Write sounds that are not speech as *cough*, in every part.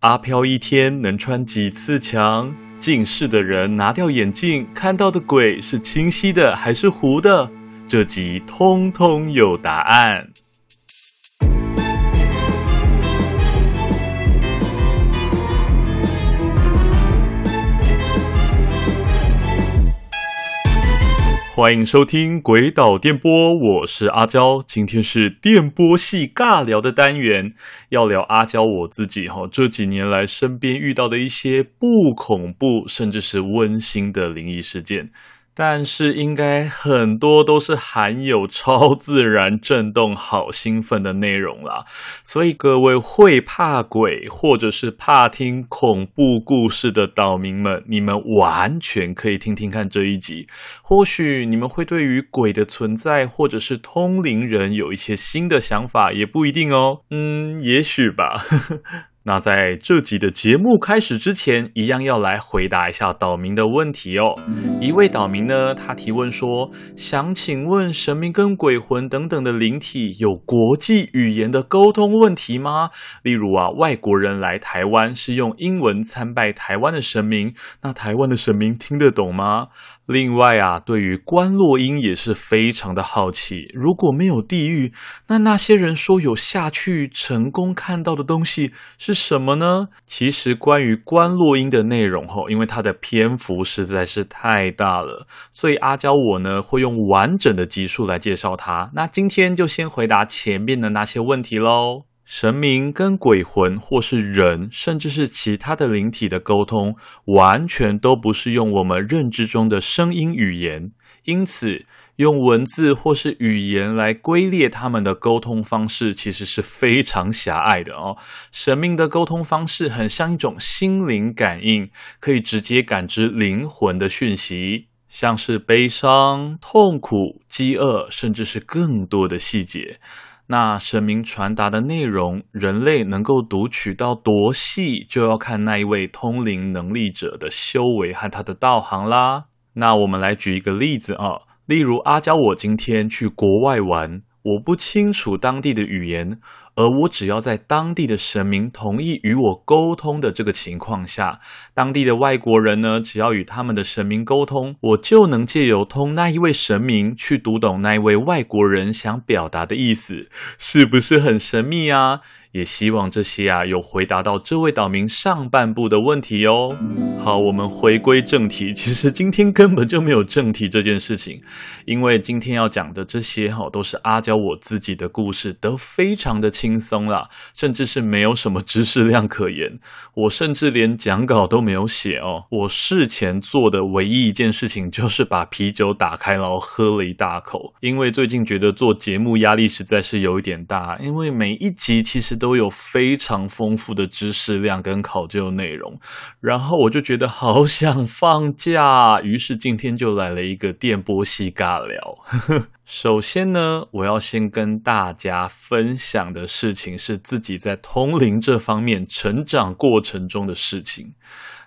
阿飄一天能穿幾次牆？近視的人拿掉眼鏡，看到的鬼是清晰的還是糊的？這集通通有答案。歡迎收聽《詭島電波》，我是阿交，今天是電波系尬聊的單元，要聊阿交我自己哈，這幾年來身邊遇到的一些不恐怖，甚至是溫馨的靈異事件。但是應該很多都是含有超自然震動、好興奮的內容啦，所以各位會怕鬼或者是怕聽恐怖故事的島民們，你們完全可以聽聽看這一集，或許你們會對於鬼的存在或者是通靈人有一些新的想法，也不一定哦。嗯，也許吧。 *laughs* 那在這集的節目開始之前，一樣要來回答一下島民的問題哦。一位島民呢，他提問說：“想請問神明跟鬼魂等等的靈體有國際語言的溝通問題嗎？例如啊，外國人來台灣是用英文參拜台灣的神明，那台灣的神明聽得懂嗎？另外啊，對於觀落陰也是非常的好奇，如果沒有地獄，那那些人說有下去成功看到的東西是？”什麼呢？其實關於觀落陰的內容吼，因為它的篇幅實在是太大了，所以阿交我呢會用完整的集數來介紹它。那今天就先回答前面的那些問題嘍。神明跟鬼魂或是人，甚至是其他的靈體的溝通，完全都不是用我們認知中的聲音語言，因此。用文字或是語言來歸列他們的溝通方式，其實是非常狹隘的哦。神明的溝通方式很像一種心靈感應，可以直接感知靈魂的訊息，像是悲傷、痛苦、飢餓，甚至是更多的細節。那神明傳達的內容，人類能夠讀取到多細，就要看那一位通靈能力者的修為和他的道行啦。那我們來舉一個例子啊。例如阿交，我今天去國外玩，我不清楚當地的語言，而我只要在當地的神明同意與我溝通的這個情況下，當地的外國人呢，只要與他們的神明溝通，我就能借由通那一位神明去讀懂那一位外國人想表達的意思，是不是很神秘啊？也希望這些啊，有回答到這位島民上半部的問題哦。嗯、好，我們回歸正題，其實今天根本就沒有正題這件事情，因為今天要講的這些哦，都是阿交我自己的故事，都非常的輕鬆啦，甚至是沒有什麼知識量可言，我甚至連講稿都沒有寫哦。我事前做的唯一一件事情就是把啤酒打開，然後喝了一大口，因為最近覺得做節目壓力實在是有一點大，因為每一集其實。都有非常豐富的知識量跟考究內容，然後我就覺得好想放假，於是今天就來了一個電波系尬聊。 *laughs* 首先呢，我要先跟大家分享的事情是自己在通靈這方面成長過程中的事情。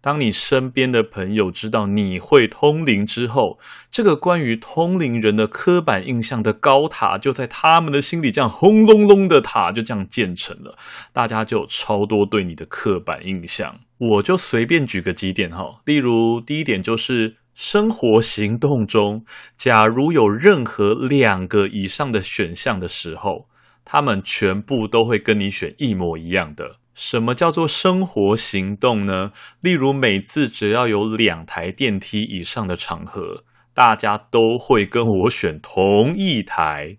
當你身邊的朋友知道你會通靈之後，這個關於通靈人的刻板印象的高塔就在他們的心裡這樣轟隆隆的塔就這樣建成了。大家就有超多對你的刻板印象。我就隨便舉個幾點哈、哦，例如第一點就是，生活行動中，假如有任何兩個以上的選項的時候，他們全部都會跟你選一模一樣的。什麼叫做生活行動呢？例如，每次只要有兩台電梯以上的場合，大家都會跟我選同一台。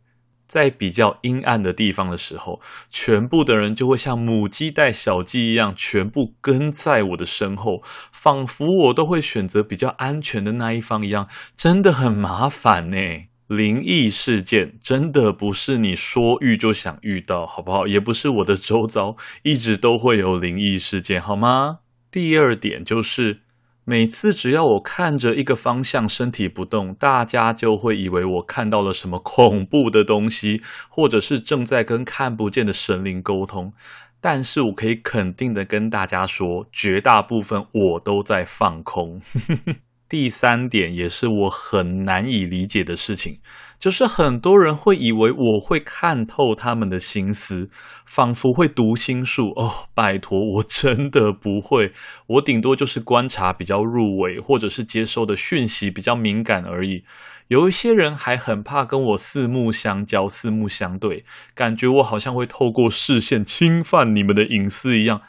在比較陰暗的地方的時候，全部的人就會像母雞帶小雞一樣，全部跟在我的身後，仿佛我都會選擇比較安全的那一方一樣，真的很麻煩呢。靈異事件真的不是你說遇就想遇到，好不好？也不是我的周遭一直都會有靈異事件，好嗎？第二點就是，每次只要我看着一個方向，身體不動，大家就會以為我看到了什麼恐怖的東西，或者是正在跟看不見的神靈溝通。但是我可以肯定的跟大家說，絕大部分我都在放空。 *laughs* 第三點也是我很難以理解的事情，就是很多人會以為我會看透他們的心思，仿佛會讀心術哦。拜託，我真的不會，我頂多就是觀察比較入微，或者是接收的訊息比較敏感而已。有一些人還很怕跟我四目相交、四目相對，感覺我好像會透過視線侵犯你們的隱私一樣。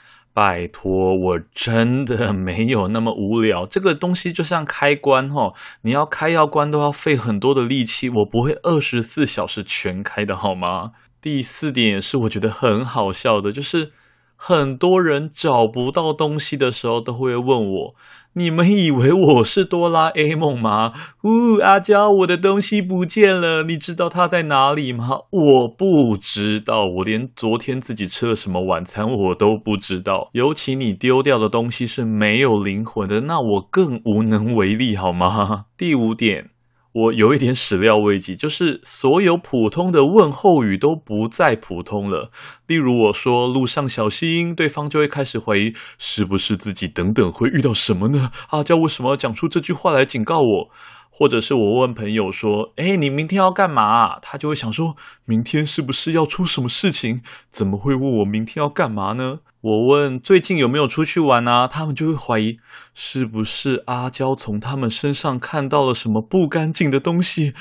拜託，我真的沒有那麼無聊。這個東西就像開關哦，你要開要關都要費很多的力氣。我不會二十四小時全開的，好嗎？第四點也是我覺得很好笑的，就是很多人找不到東西的時候都會問我。你們以為我是哆啦 A 夢嗎？嗚、哦，阿交，我的東西不見了，你知道它在哪裡嗎？我不知道，我連昨天自己吃了什麼晚餐我都不知道。尤其你丟掉的東西是沒有靈魂的，那我更無能為力，好嗎？第五點。我有一點始料未及，就是所有普通的問候語都不再普通了。例如，我說“路上小心”，對方就會開始懷疑是不是自己等等會遇到什麼呢？阿交為什麼要講出這句話來警告我？或者是我問朋友說：“哎，你明天要幹嘛？”他就會想說：“明天是不是要出什麼事情？怎麼會問我明天要幹嘛呢？”我問：“最近有沒有出去玩啊？”他們就會懷疑：“是不是阿嬌從他們身上看到了什麼不乾淨的東西？”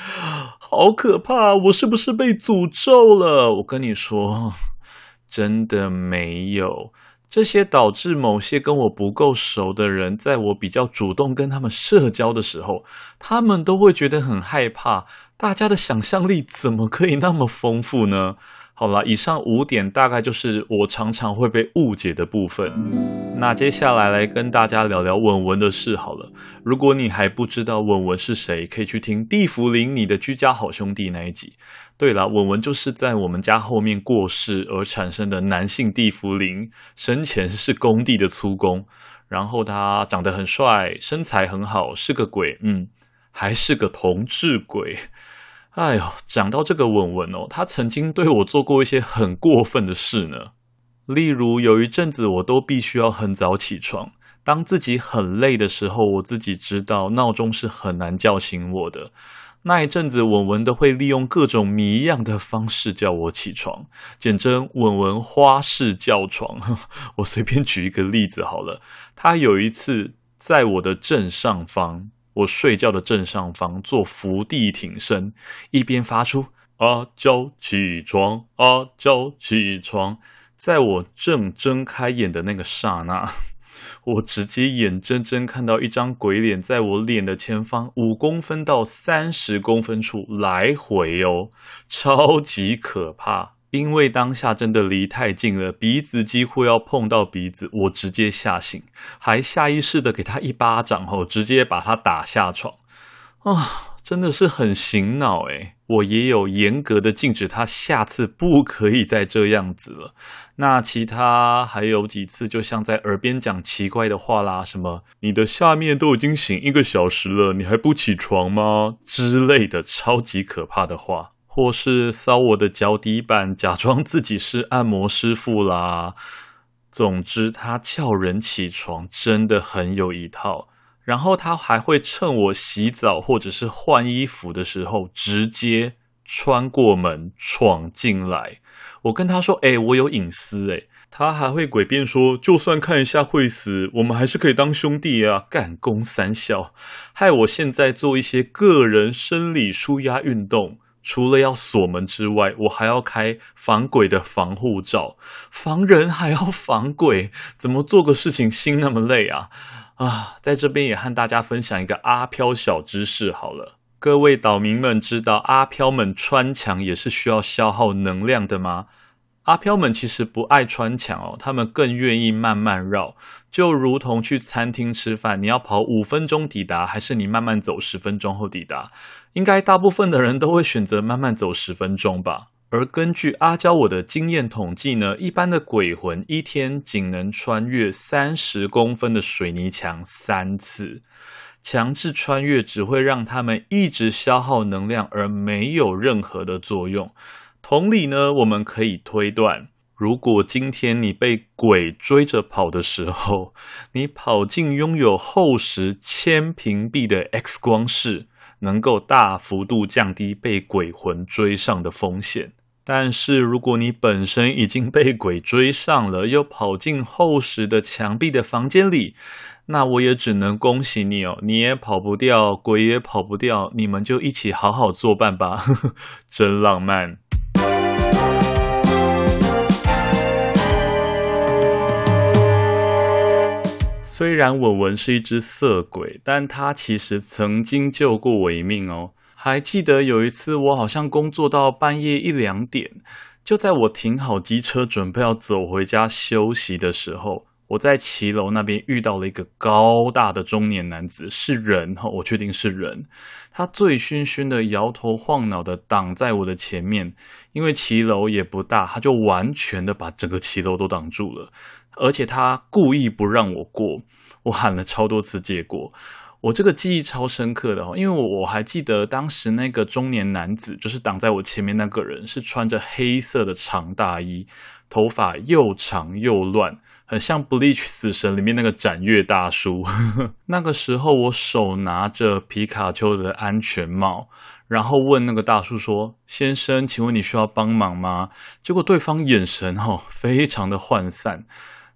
好可怕，啊！我是不是被詛咒了？我跟你說，真的沒有。這些導致某些跟我不夠熟的人，在我比較主動跟他們社交的時候，他們都會覺得很害怕。大家的想象力怎麼可以那麼豐富呢？好了，以上五點大概就是我常常會被誤解的部分。那接下來來跟大家聊聊文文的事。好了，如果你還不知道文文是誰，可以去聽地縛靈你的居家好兄弟那一集。對了，文文就是在我們家後面過世而產生的男性地縛靈，生前是工地的粗工，然後他長得很帥，身材很好，是個鬼，嗯，還是個同志鬼。哎呦，講到這個文文哦，他曾經對我做過一些很過分的事呢。例如，有一陣子我都必須要很早起床，當自己很累的時候，我自己知道鬧鐘是很難叫醒我的。那一陣子，文文都會利用各種謎一樣的方式叫我起床，簡稱“文文花式叫床。” *laughs* 我隨便舉一個例子好了，他有一次在我的正上方。我睡覺的正上方做伏地挺身，一邊發出“阿交起床，阿交起床”。在我正睜開眼的那個剎那，我直接眼睜睜看到一張鬼臉在我臉的前方五公分到三十公分處來回哦，超級可怕。因為當下真的離太近了，鼻子幾乎要碰到鼻子，我直接嚇醒，還下意識的給他一巴掌，後，直接把他打下床，啊，真的是很醒腦誒、欸，我也有嚴格的禁止他下次不可以再這樣子了。那其他還有幾次，就像在耳邊講奇怪的話啦，什麼你的下面都已經醒一個小時了，你還不起床嗎？之類的超級可怕的話。或是搔我的腳底板，假裝自己是按摩師傅啦。總之，他叫人起床真的很有一套。然後他還會趁我洗澡或者是換衣服的時候，直接穿過門闖進來。我跟他說：“哎、欸，我有隱私。”哎，他還會詭辯說：“就算看一下會死，我們還是可以當兄弟啊，幹，公三小。”害我現在做一些個人生理舒壓運動。除了要鎖門之外，我還要開防鬼的防護罩，防人還要防鬼，怎麼做個事情心那麼累啊？啊，在這邊也和大家分享一個阿飄小知識好了，各位島民們知道阿飄們穿牆也是需要消耗能量的嗎？阿飄們其實不愛穿牆哦，他們更願意慢慢繞。就如同去餐廳吃飯，你要跑五分鐘抵達，還是你慢慢走十分鐘後抵達？應該大部分的人都會選擇慢慢走十分鐘吧。而根據阿交我的經驗統計呢，一般的鬼魂一天僅能穿越三十公分的水泥牆三次，強制穿越只會讓他們一直消耗能量而沒有任何的作用。同理呢，我們可以推斷。如果今天你被鬼追着跑的時候，你跑進擁有厚實鉛屏蔽的 X 光室，能夠大幅度降低被鬼魂追上的風險。但是如果你本身已經被鬼追上了，又跑進厚實的牆壁的房間裡，那我也只能恭喜你哦，你也跑不掉，鬼也跑不掉，你們就一起好好作伴吧，呵呵，真浪漫。雖然文文是一隻色鬼，但他其實曾經救過我一命哦。還記得有一次，我好像工作到半夜一兩點，就在我停好機車，準備要走回家休息的時候，我在騎樓那邊遇到了一個高大的中年男子，是人，我確定是人。他醉醺醺的，搖頭晃腦的擋在我的前面，因為騎樓也不大，他就完全的把整個騎樓都擋住了。而且他故意不讓我過，我喊了超多次，結果我這個記憶超深刻的，因為我還記得當時那個中年男子，就是擋在我前面那個人，是穿着黑色的長大衣，頭髮又長又亂，很像《Bleach》死神裡面那個斬月大叔。 *laughs* 那個時候我手拿着皮卡丘的安全帽，然後問那個大叔說：“先生，請問你需要幫忙嗎？”結果對方眼神、哦、非常的渙散。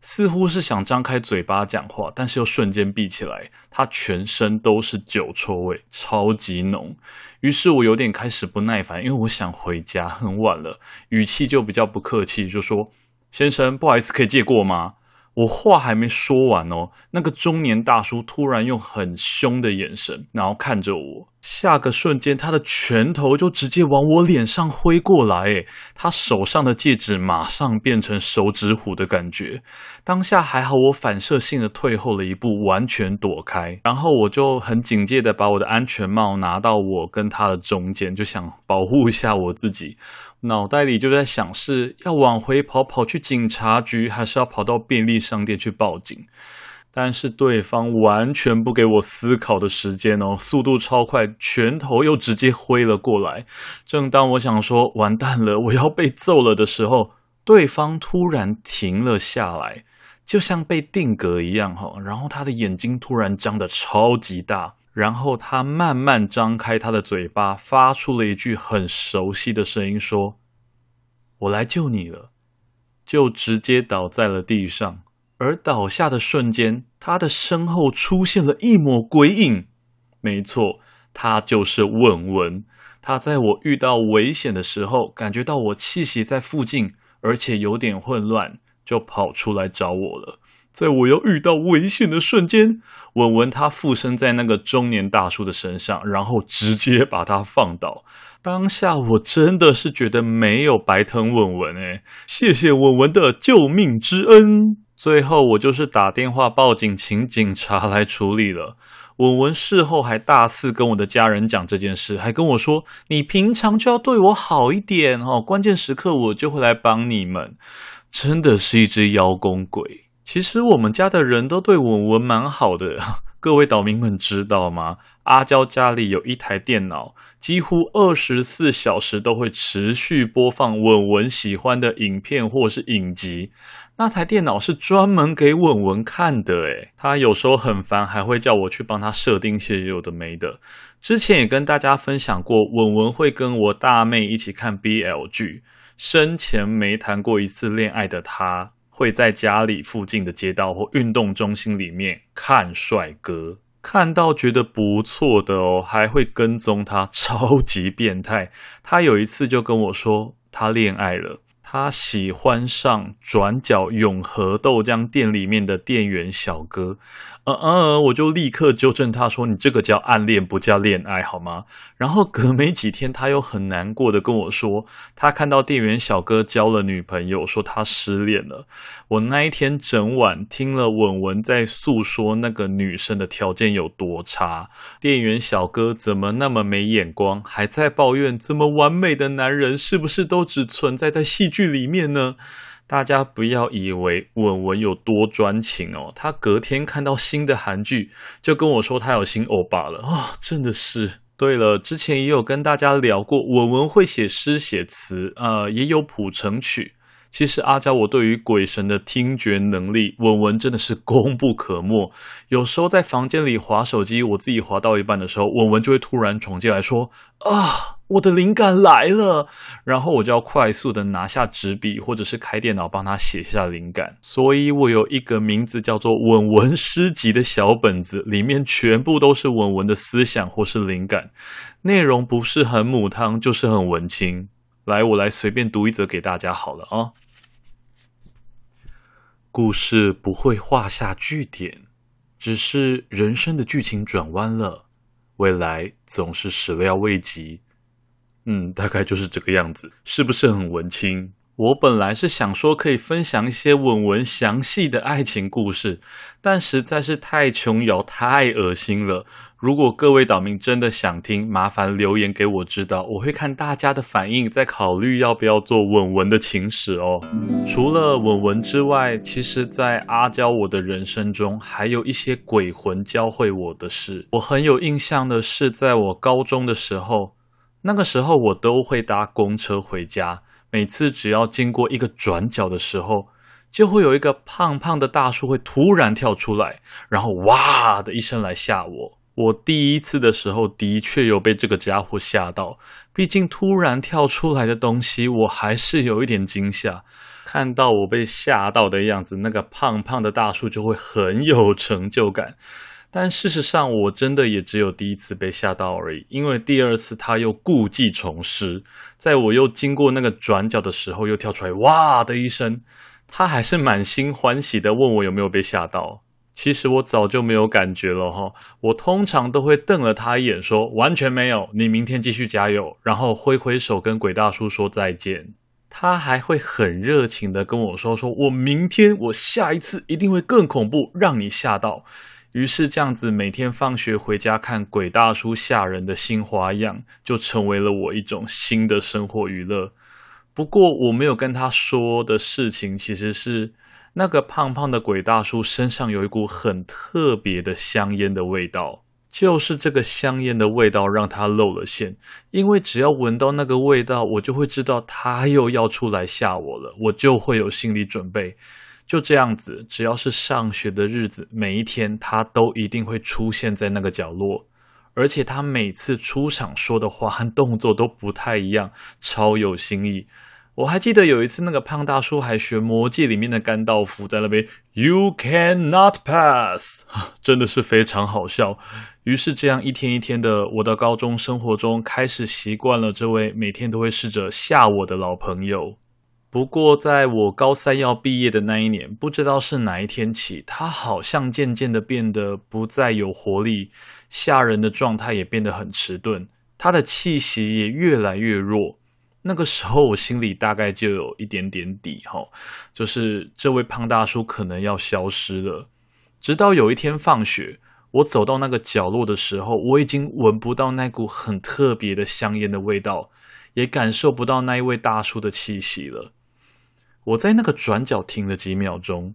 似乎是想張開嘴巴講話，但是又瞬間閉起來。他全身都是酒臭味，超級濃。於是我有點開始不耐煩，因為我想回家，很晚了，語氣就比較不客氣，就說：“先生，不好意思，可以借過嗎？”我話還沒說完哦，那個中年大叔突然用很兇的眼神，然後看着我，下個瞬間他的拳頭就直接往我臉上揮過來，誒，他手上的戒指馬上變成手指虎的感覺，當下還好我反射性的退後了一步，完全躲開，然後我就很警戒的把我的安全帽拿到我跟他的中間，就想保護一下我自己。腦袋裡就在想是要往回跑，跑去警察局，還是要跑到便利商店去報警？但是對方完全不給我思考的時間哦，速度超快，拳頭又直接揮了過來。正當我想說完蛋了，我要被揍了的時候，對方突然停了下來，就像被定格一樣哈、哦。然後他的眼睛突然張得超級大。然後他慢慢張開他的嘴巴，發出了一句很熟悉的聲音，說：“我來救你了。”就直接倒在了地上。而倒下的瞬間，他的身後出現了一抹鬼影。沒錯，他就是文文。他在我遇到危險的時候，感覺到我氣息在附近，而且有點混亂，就跑出來找我了。在我要遇到危險的瞬間，文文他附身在那個中年大叔的身上，然後直接把他放倒。當下我真的是覺得沒有白疼文文誒、欸、謝謝文文的救命之恩。最後我就是打電話報警，請警察來處理了。文文事後還大肆跟我的家人講這件事，還跟我說：“你平常就要對我好一點哦，關鍵時刻我就會來幫你們。”真的是一隻邀功鬼。其實我們家的人都對文文蠻好的， *laughs* 各位島民們知道嗎？阿嬌家裡有一台電腦，幾乎二十四小時都會持續播放文文喜歡的影片或是影集。那台電腦是專門給文文看的，誒他有時候很煩，還會叫我去幫他設定些有的沒的。之前也跟大家分享過，文文會跟我大妹一起看 BL 劇，生前沒談過一次戀愛的他。會在家裡附近的街道或運動中心裡面看帥哥，看到覺得不錯的哦，還會跟蹤他，超級變態。他有一次就跟我說，他戀愛了。他喜歡上轉角永和豆漿店裡面的店員小哥，呃、嗯、呃、嗯嗯，我就立刻糾正他說：“你這個叫暗戀，不叫戀愛，好嗎？”然後隔沒幾天，他又很難過的跟我說：“他看到店員小哥交了女朋友，說他失戀了。”我那一天整晚聽了文文在訴說那個女生的條件有多差，店員小哥怎麼那麼沒眼光，還在抱怨這麼完美的男人是不是都只存在在戲劇裡面呢，大家不要以為文文有多專情哦，他隔天看到新的韓劇，就跟我說他有新歐巴了啊，哦，真的是。對了，之前也有跟大家聊過，文文會寫詩寫詞啊，也有譜成曲。其實阿交，我對於鬼神的聽覺能力，文文真的是功不可沒。有時候在房間裡滑手機，我自己滑到一半的時候，文文就會突然闖進來，說：“啊，我的靈感來了！”然後我就要快速地拿下紙筆，或者是開電腦幫她寫下靈感。所以，我有一個名字叫做《文文詩集》的小本子，裡面全部都是文文的思想或是靈感。內容不是很母湯，就是很文青。來，我來隨便讀一則給大家好了啊。故事不會畫下句點，只是人生的劇情轉彎了。未來總是始料未及，嗯，大概就是這個樣子，是不是很文青？我本來是想說可以分享一些文文詳細的愛情故事，但實在是太瓊瑤，太噁心了。如果各位島民真的想聽，麻煩留言給我知道，我會看大家的反應，再考慮要不要做文文的情史哦。除了文文之外，其實，在阿交我的人生中，還有一些鬼魂教會我的事。我很有印象的是，在我高中的時候，那個時候我都會搭公車回家，每次只要經過一個轉角的時候，就會有一個胖胖的大叔會突然跳出來，然後哇的一聲來嚇我。我第一次的時候的確有被這個傢伙嚇到，畢竟突然跳出來的東西，我還是有一點驚嚇。看到我被嚇到的樣子，那個胖胖的大叔就會很有成就感。但事實上，我真的也只有第一次被嚇到而已，因為第二次他又故技重施，在我又經過那個轉角的時候又跳出來，哇的一聲，他還是滿心歡喜地問我有沒有被嚇到。其實我早就沒有感覺了哈，我通常都會瞪了他一眼說，說完全沒有，你明天繼續加油，然後揮揮手跟鬼大叔說再見。他還會很熱情的跟我說，說，說我明天我下一次一定會更恐怖，讓你嚇到。於是這樣子每天放學回家看鬼大叔嚇人的新花樣，就成為了我一種新的生活娛樂。不過我沒有跟他說的事情，其實是。那個胖胖的鬼大叔身上有一股很特別的香煙的味道，就是這個香煙的味道讓他露了餡。因為只要聞到那個味道，我就會知道他又要出來嚇我了，我就會有心理準備。就這樣子，只要是上學的日子，每一天他都一定會出現在那個角落，而且他每次出場說的話和動作都不太一樣，超有新意。我還記得有一次，那個胖大叔還學《魔戒》裡面的甘道夫在那邊 “You cannot pass”， *laughs* 真的是非常好笑。於是這樣一天一天的，我到高中生活中開始習慣了這位每天都會試着嚇我的老朋友。不過在我高三要畢業的那一年，不知道是哪一天起，他好像漸漸的變得不再有活力，嚇人的狀態也變得很遲鈍，他的氣息也越來越弱。那個時候我心裡大概就有一點點底吼，就是這位胖大叔可能要消失了。直到有一天放學，我走到那個角落的時候，我已經聞不到那股很特別的香煙的味道，也感受不到那一位大叔的氣息了。我在那個轉角停了幾秒鐘，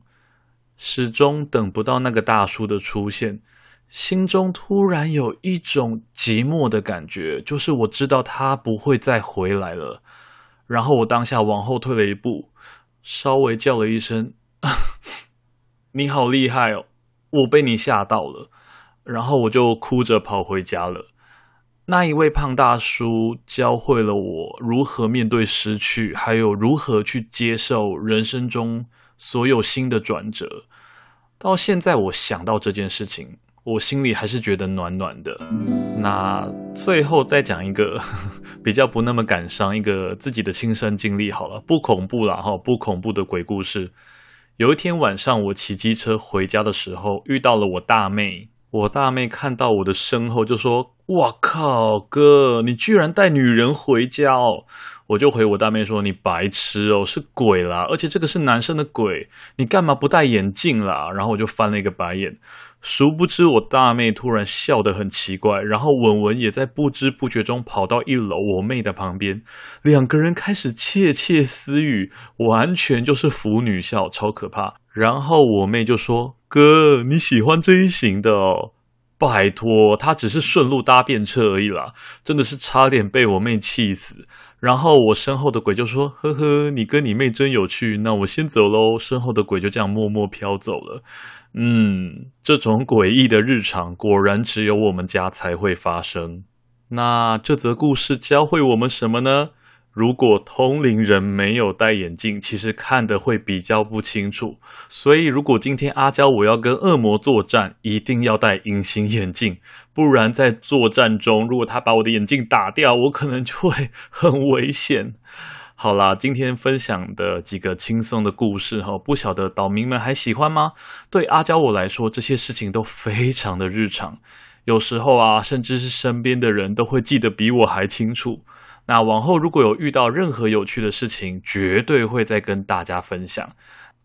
始終等不到那個大叔的出現。心中突然有一種寂寞的感覺，就是我知道他不會再回來了。然後我當下往後退了一步，稍微叫了一聲呵呵：“你好厲害哦！”我被你嚇到了。然後我就哭着跑回家了。那一位胖大叔教會了我如何面對失去，還有如何去接受人生中所有新的轉折。到現在，我想到這件事情，我心裡還是覺得暖暖的。那最後再講一個 *laughs* 比較不那麼感傷，一個自己的親身經歷好了，不恐怖啦哈，不恐怖的鬼故事。有一天晚上，我騎機車回家的時候，遇到了我大妹。我大妹看到我的身後，就說：“哇靠，哥，你居然帶女人回家哦！”我就回我大妹說：“你白痴哦，是鬼啦！而且這個是男生的鬼，你幹嘛不戴眼鏡啦？”然後我就翻了一個白眼。殊不知我大妹突然笑得很奇怪，然後文文也在不知不覺中跑到一樓我妹的旁邊，兩個人開始竊竊私語，完全就是腐女笑，超可怕。然後我妹就說：“哥，你喜歡這一型的哦，拜託，他只是順路搭便車而已啦！”真的是差點被我妹氣死。然後我身後的鬼就說：“呵呵，你跟你妹真有趣，那我先走嘍。”身後的鬼就這樣默默飄走了。嗯，這種詭異的日常果然只有我們家才會發生。那這則故事教會我們什麼呢？如果通靈人沒有戴眼鏡，其實看得會比較不清楚。所以，如果今天阿交我要跟惡魔作戰，一定要戴隱形眼鏡，不然在作戰中，如果他把我的眼鏡打掉，我可能就會很危險。好啦，今天分享的幾個輕鬆的故事哈，不曉得島民們還喜歡嗎？對阿交我來說，這些事情都非常的日常，有時候啊，甚至是身邊的人都會記得比我還清楚。那往後如果有遇到任何有趣的事情，絕對會再跟大家分享。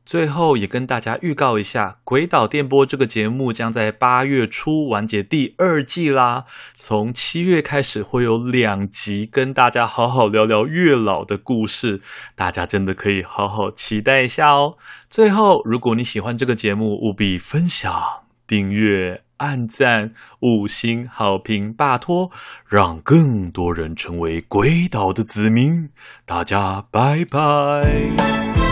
最後也跟大家預告一下，《詭島電波》這個節目將在八月初完結第二季啦。從七月開始會有兩集，跟大家好好聊聊月老的故事。大家真的可以好好期待一下哦。最後，如果你喜歡這個節目，務必分享、訂閱。按讚五星好評，拜託，讓更多人成為詭島的子民。大家拜拜。